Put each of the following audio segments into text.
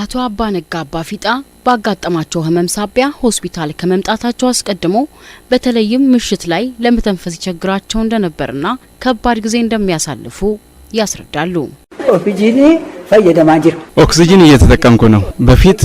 አቶ አባ ነጋ አባ ፊጣ ባጋጠማቸው ህመም ሳቢያ ሆስፒታል ከመምጣታቸው አስቀድሞ በተለይም ምሽት ላይ ለመተንፈስ ይቸግራቸው እንደነበርና ከባድ ጊዜ እንደሚያሳልፉ ያስረዳሉ። ኦፒጂኒ ኦክሲጅን እየተጠቀምኩ ነው። በፊት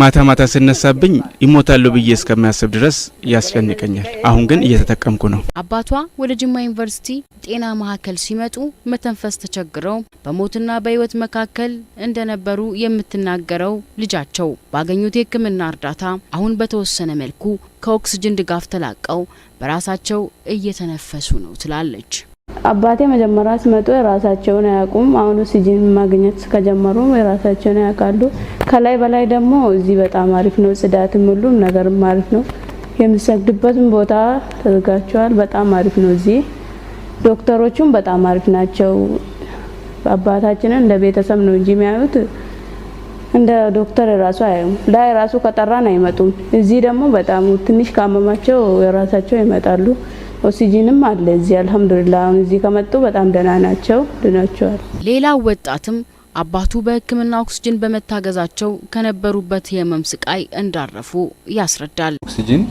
ማታ ማታ ስነሳብኝ ይሞታሉ ብዬ እስከሚያስብ ድረስ ያስጨንቀኛል። አሁን ግን እየተጠቀምኩ ነው። አባቷ ወደ ጅማ ዩኒቨርሲቲ ጤና ማዕከል ሲመጡ መተንፈስ ተቸግረው በሞትና በህይወት መካከል እንደነበሩ የምትናገረው ልጃቸው ባገኙት የህክምና እርዳታ አሁን በተወሰነ መልኩ ከኦክስጅን ድጋፍ ተላቀው በራሳቸው እየተነፈሱ ነው ትላለች። አባቴ መጀመሪያ ሲመጡ የራሳቸውን አያውቁም። አሁን ኦክሲጅን ማግኘት ከጀመሩ የራሳቸውን ያውቃሉ። ከላይ በላይ ደግሞ እዚህ በጣም አሪፍ ነው፣ ጽዳትም ሁሉም ነገርም አሪፍ ነው። የሚሰግድበትም ቦታ ተዘጋጅቷል። በጣም አሪፍ ነው እዚህ። ዶክተሮቹም በጣም አሪፍ ናቸው። አባታችንን እንደ ቤተሰብ ነው እንጂ የሚያዩት እንደ ዶክተር የራሱ አያዩም። ላይ የራሱ ከጠራን አይመጡም። እዚህ ደግሞ በጣም ትንሽ ካመማቸው የራሳቸው ይመጣሉ። ኦክሲጂንም አለ እዚህ አልሐምዱሊላ። አሁን እዚህ ከመጡ በጣም ደህና ናቸው፣ ድናቸዋል። ሌላው ወጣትም አባቱ በሕክምና ኦክሲጂን በመታገዛቸው ከነበሩበት የህመም ስቃይ እንዳረፉ ያስረዳል። ኦክሲጂን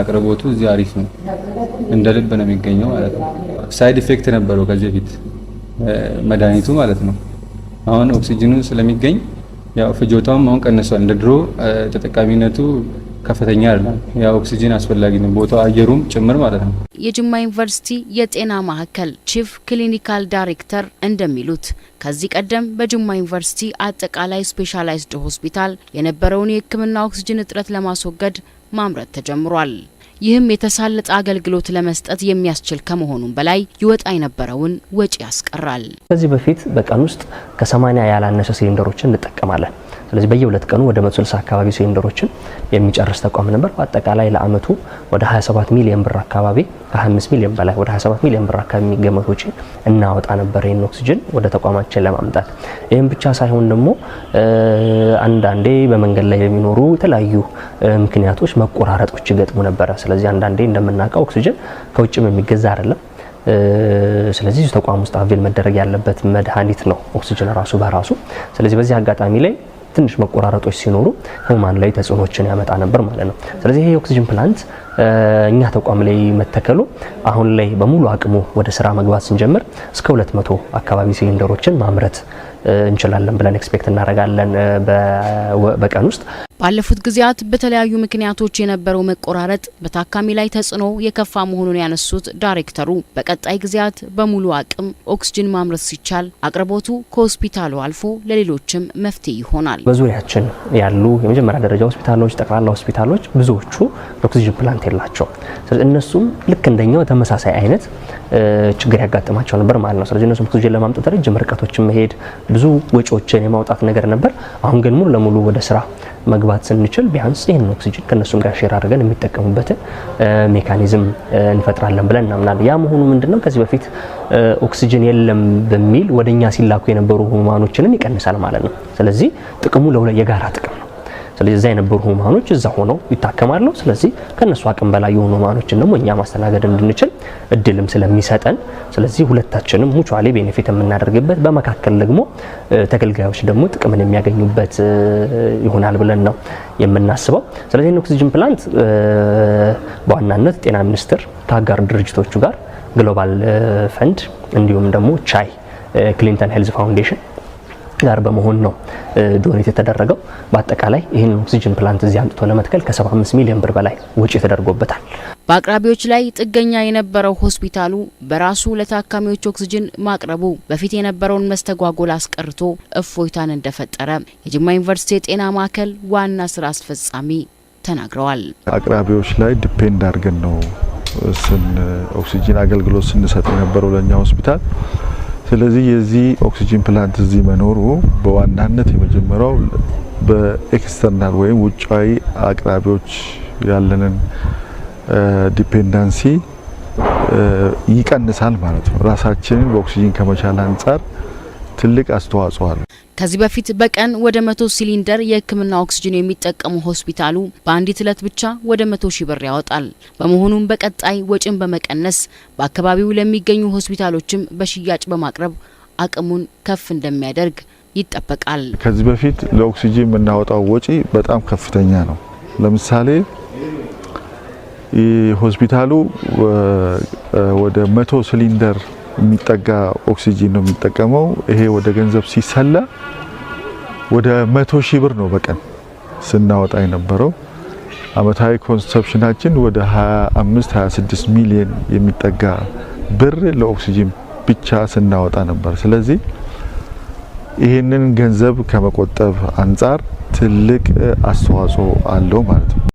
አቅርቦቱ እዚህ አሪፍ ነው፣ እንደ ልብ ነው የሚገኘው ማለት ነው። ሳይድ ኢፌክት ነበረው ከዚህ በፊት መድኃኒቱ ማለት ነው። አሁን ኦክሲጂኑ ስለሚገኝ ያው ፍጆታውም አሁን ቀንሷል። እንደ ድሮ ተጠቃሚነቱ ከፍተኛ አይደለም። ኦክሲጂን አስፈላጊ ነው ቦታ አየሩም ጭምር ማለት ነው። የጅማ ዩኒቨርሲቲ የጤና ማዕከል ቺፍ ክሊኒካል ዳይሬክተር እንደሚሉት ከዚህ ቀደም በጅማ ዩኒቨርሲቲ አጠቃላይ ስፔሻላይዝድ ሆስፒታል የነበረውን የሕክምና ኦክሲጂን እጥረት ለማስወገድ ማምረት ተጀምሯል። ይህም የተሳለጠ አገልግሎት ለመስጠት የሚያስችል ከመሆኑም በላይ ይወጣ የነበረውን ወጪ ያስቀራል። ከዚህ በፊት በቀን ውስጥ ከ80 ያላነሰ ሲሊንደሮችን እንጠቀማለን ስለዚህ በየሁለት ቀኑ ወደ 160 አካባቢ ሲሊንደሮችን የሚጨርስ ተቋም ነበር። በአጠቃላይ ለአመቱ ወደ 27 ሚሊዮን ብር አካባቢ ከ25 ሚሊዮን በላይ ወደ 27 ሚሊዮን ብር አካባቢ የሚገመት ወጪ እናወጣ ነበር ይህን ኦክሲጅን ወደ ተቋማችን ለማምጣት። ይህም ብቻ ሳይሆን ደግሞ አንዳንዴ በመንገድ ላይ የሚኖሩ የተለያዩ ምክንያቶች መቆራረጦች ይገጥሙ ነበረ። ስለዚህ አንዳንዴ እንደምናውቀው ኦክሲጅን ከውጭም የሚገዛ አይደለም። ስለዚህ ተቋም ውስጥ አቬል መደረግ ያለበት መድኃኒት ነው ኦክሲጅን ራሱ በራሱ። ስለዚህ በዚህ አጋጣሚ ላይ ትንሽ መቆራረጦች ሲኖሩ ህሙማን ላይ ተጽዕኖችን ያመጣ ነበር ማለት ነው። ስለዚህ ይሄ ኦክሲጅን ፕላንት እኛ ተቋም ላይ መተከሉ አሁን ላይ በሙሉ አቅሙ ወደ ስራ መግባት ስንጀምር እስከ 200 አካባቢ ሲሊንደሮችን ማምረት እንችላለን ብለን ኤክስፔክት እናደርጋለን በቀን ውስጥ። ባለፉት ጊዜያት በተለያዩ ምክንያቶች የነበረው መቆራረጥ በታካሚ ላይ ተጽዕኖ የከፋ መሆኑን ያነሱት ዳይሬክተሩ በቀጣይ ጊዜያት በሙሉ አቅም ኦክስጅን ማምረት ሲቻል አቅርቦቱ ከሆስፒታሉ አልፎ ለሌሎችም መፍትሄ ይሆናል። በዙሪያችን ያሉ የመጀመሪያ ደረጃ ሆስፒታሎች፣ ጠቅላላ ሆስፒታሎች ብዙዎቹ ኦክስጅን ፕላንት የላቸው። ስለዚህ እነሱም ልክ እንደኛው ተመሳሳይ አይነት ችግር ያጋጥማቸው ነበር ማለት ነው። ስለዚህ እነሱም ኦክስጅን ለማምጣት ረጅም ርቀቶችን መሄድ ብዙ ወጪዎችን የማውጣት ነገር ነበር። አሁን ግን ሙሉ ለሙሉ ወደ ስራ መግባት ስንችል ቢያንስ ይህን ኦክሲጅን ከእነሱም ጋር ሼር አድርገን የሚጠቀሙበትን ሜካኒዝም እንፈጥራለን ብለን እናምናለን። ያ መሆኑ ምንድነው ከዚህ በፊት ኦክሲጅን የለም በሚል ወደኛ ሲላኩ የነበሩ ህሙማኖችንም ይቀንሳል ማለት ነው። ስለዚህ ጥቅሙ የጋራ ጥቅም ነው። ስለዚህ እዛ የነበሩ ህሙማኖች እዛ ሆነው ይታከማሉ። ስለዚህ ከነሱ አቅም በላይ የሆኑ ህሙማኖችን ደግሞ እኛ ማስተናገድ እንድንችል እድልም ስለሚሰጠን ስለዚህ ሁለታችንም ሙቹዋሊ ቤኔፊት የምናደርግበት በመካከል ደግሞ ተገልጋዮች ደግሞ ጥቅምን የሚያገኙበት ይሆናል ብለን ነው የምናስበው። ስለዚህ ኦክሲጅን ፕላንት በዋናነት ጤና ሚኒስቴር ከአጋር ድርጅቶቹ ጋር ግሎባል ፈንድ እንዲሁም ደግሞ ቻይ ክሊንተን ሄልዝ ፋውንዴሽን ጋር በመሆን ነው ዶኔት የተደረገው። በአጠቃላይ ይህን ኦክሲጅን ፕላንት እዚህ አምጥቶ ለመትከል ከ75 ሚሊዮን ብር በላይ ወጪ ተደርጎበታል። በአቅራቢዎች ላይ ጥገኛ የነበረው ሆስፒታሉ በራሱ ለታካሚዎች ኦክሲጅን ማቅረቡ በፊት የነበረውን መስተጓጎል አስቀርቶ እፎይታን እንደፈጠረ የጅማ ዩኒቨርሲቲ የጤና ማዕከል ዋና ስራ አስፈጻሚ ተናግረዋል። አቅራቢዎች ላይ ዲፔንድ አድርገን ነው ስን አገልግሎት ስንሰጥ የነበረው ለእኛ ሆስፒታል ስለዚህ የዚህ ኦክሲጂን ፕላንት እዚህ መኖሩ በዋናነት የመጀመሪያው በኤክስተርናል ወይም ውጫዊ አቅራቢዎች ያለንን ዲፔንዳንሲ ይቀንሳል ማለት ነው። ራሳችንን በኦክሲጂን ከመቻል አንጻር ትልቅ አስተዋጽኦ አለው። ከዚህ በፊት በቀን ወደ መቶ ሲሊንደር የህክምና ኦክስጅን የሚጠቀሙ ሆስፒታሉ በአንዲት ዕለት ብቻ ወደ መቶ ሺህ ብር ያወጣል። በመሆኑም በቀጣይ ወጪን በመቀነስ በአካባቢው ለሚገኙ ሆስፒታሎችም በሽያጭ በማቅረብ አቅሙን ከፍ እንደሚያደርግ ይጠበቃል። ከዚህ በፊት ለኦክስጅን የምናወጣው ወጪ በጣም ከፍተኛ ነው። ለምሳሌ ሆስፒታሉ ወደ መቶ ሲሊንደር የሚጠጋ ኦክሲጂን ነው የሚጠቀመው። ይሄ ወደ ገንዘብ ሲሰላ ወደ መቶ ሺህ ብር ነው በቀን ስናወጣ የነበረው። አመታዊ ኮንሰፕሽናችን ወደ 25 26 ሚሊዮን የሚጠጋ ብር ለኦክሲጂን ብቻ ስናወጣ ነበር። ስለዚህ ይህንን ገንዘብ ከመቆጠብ አንጻር ትልቅ አስተዋጽኦ አለው ማለት ነው።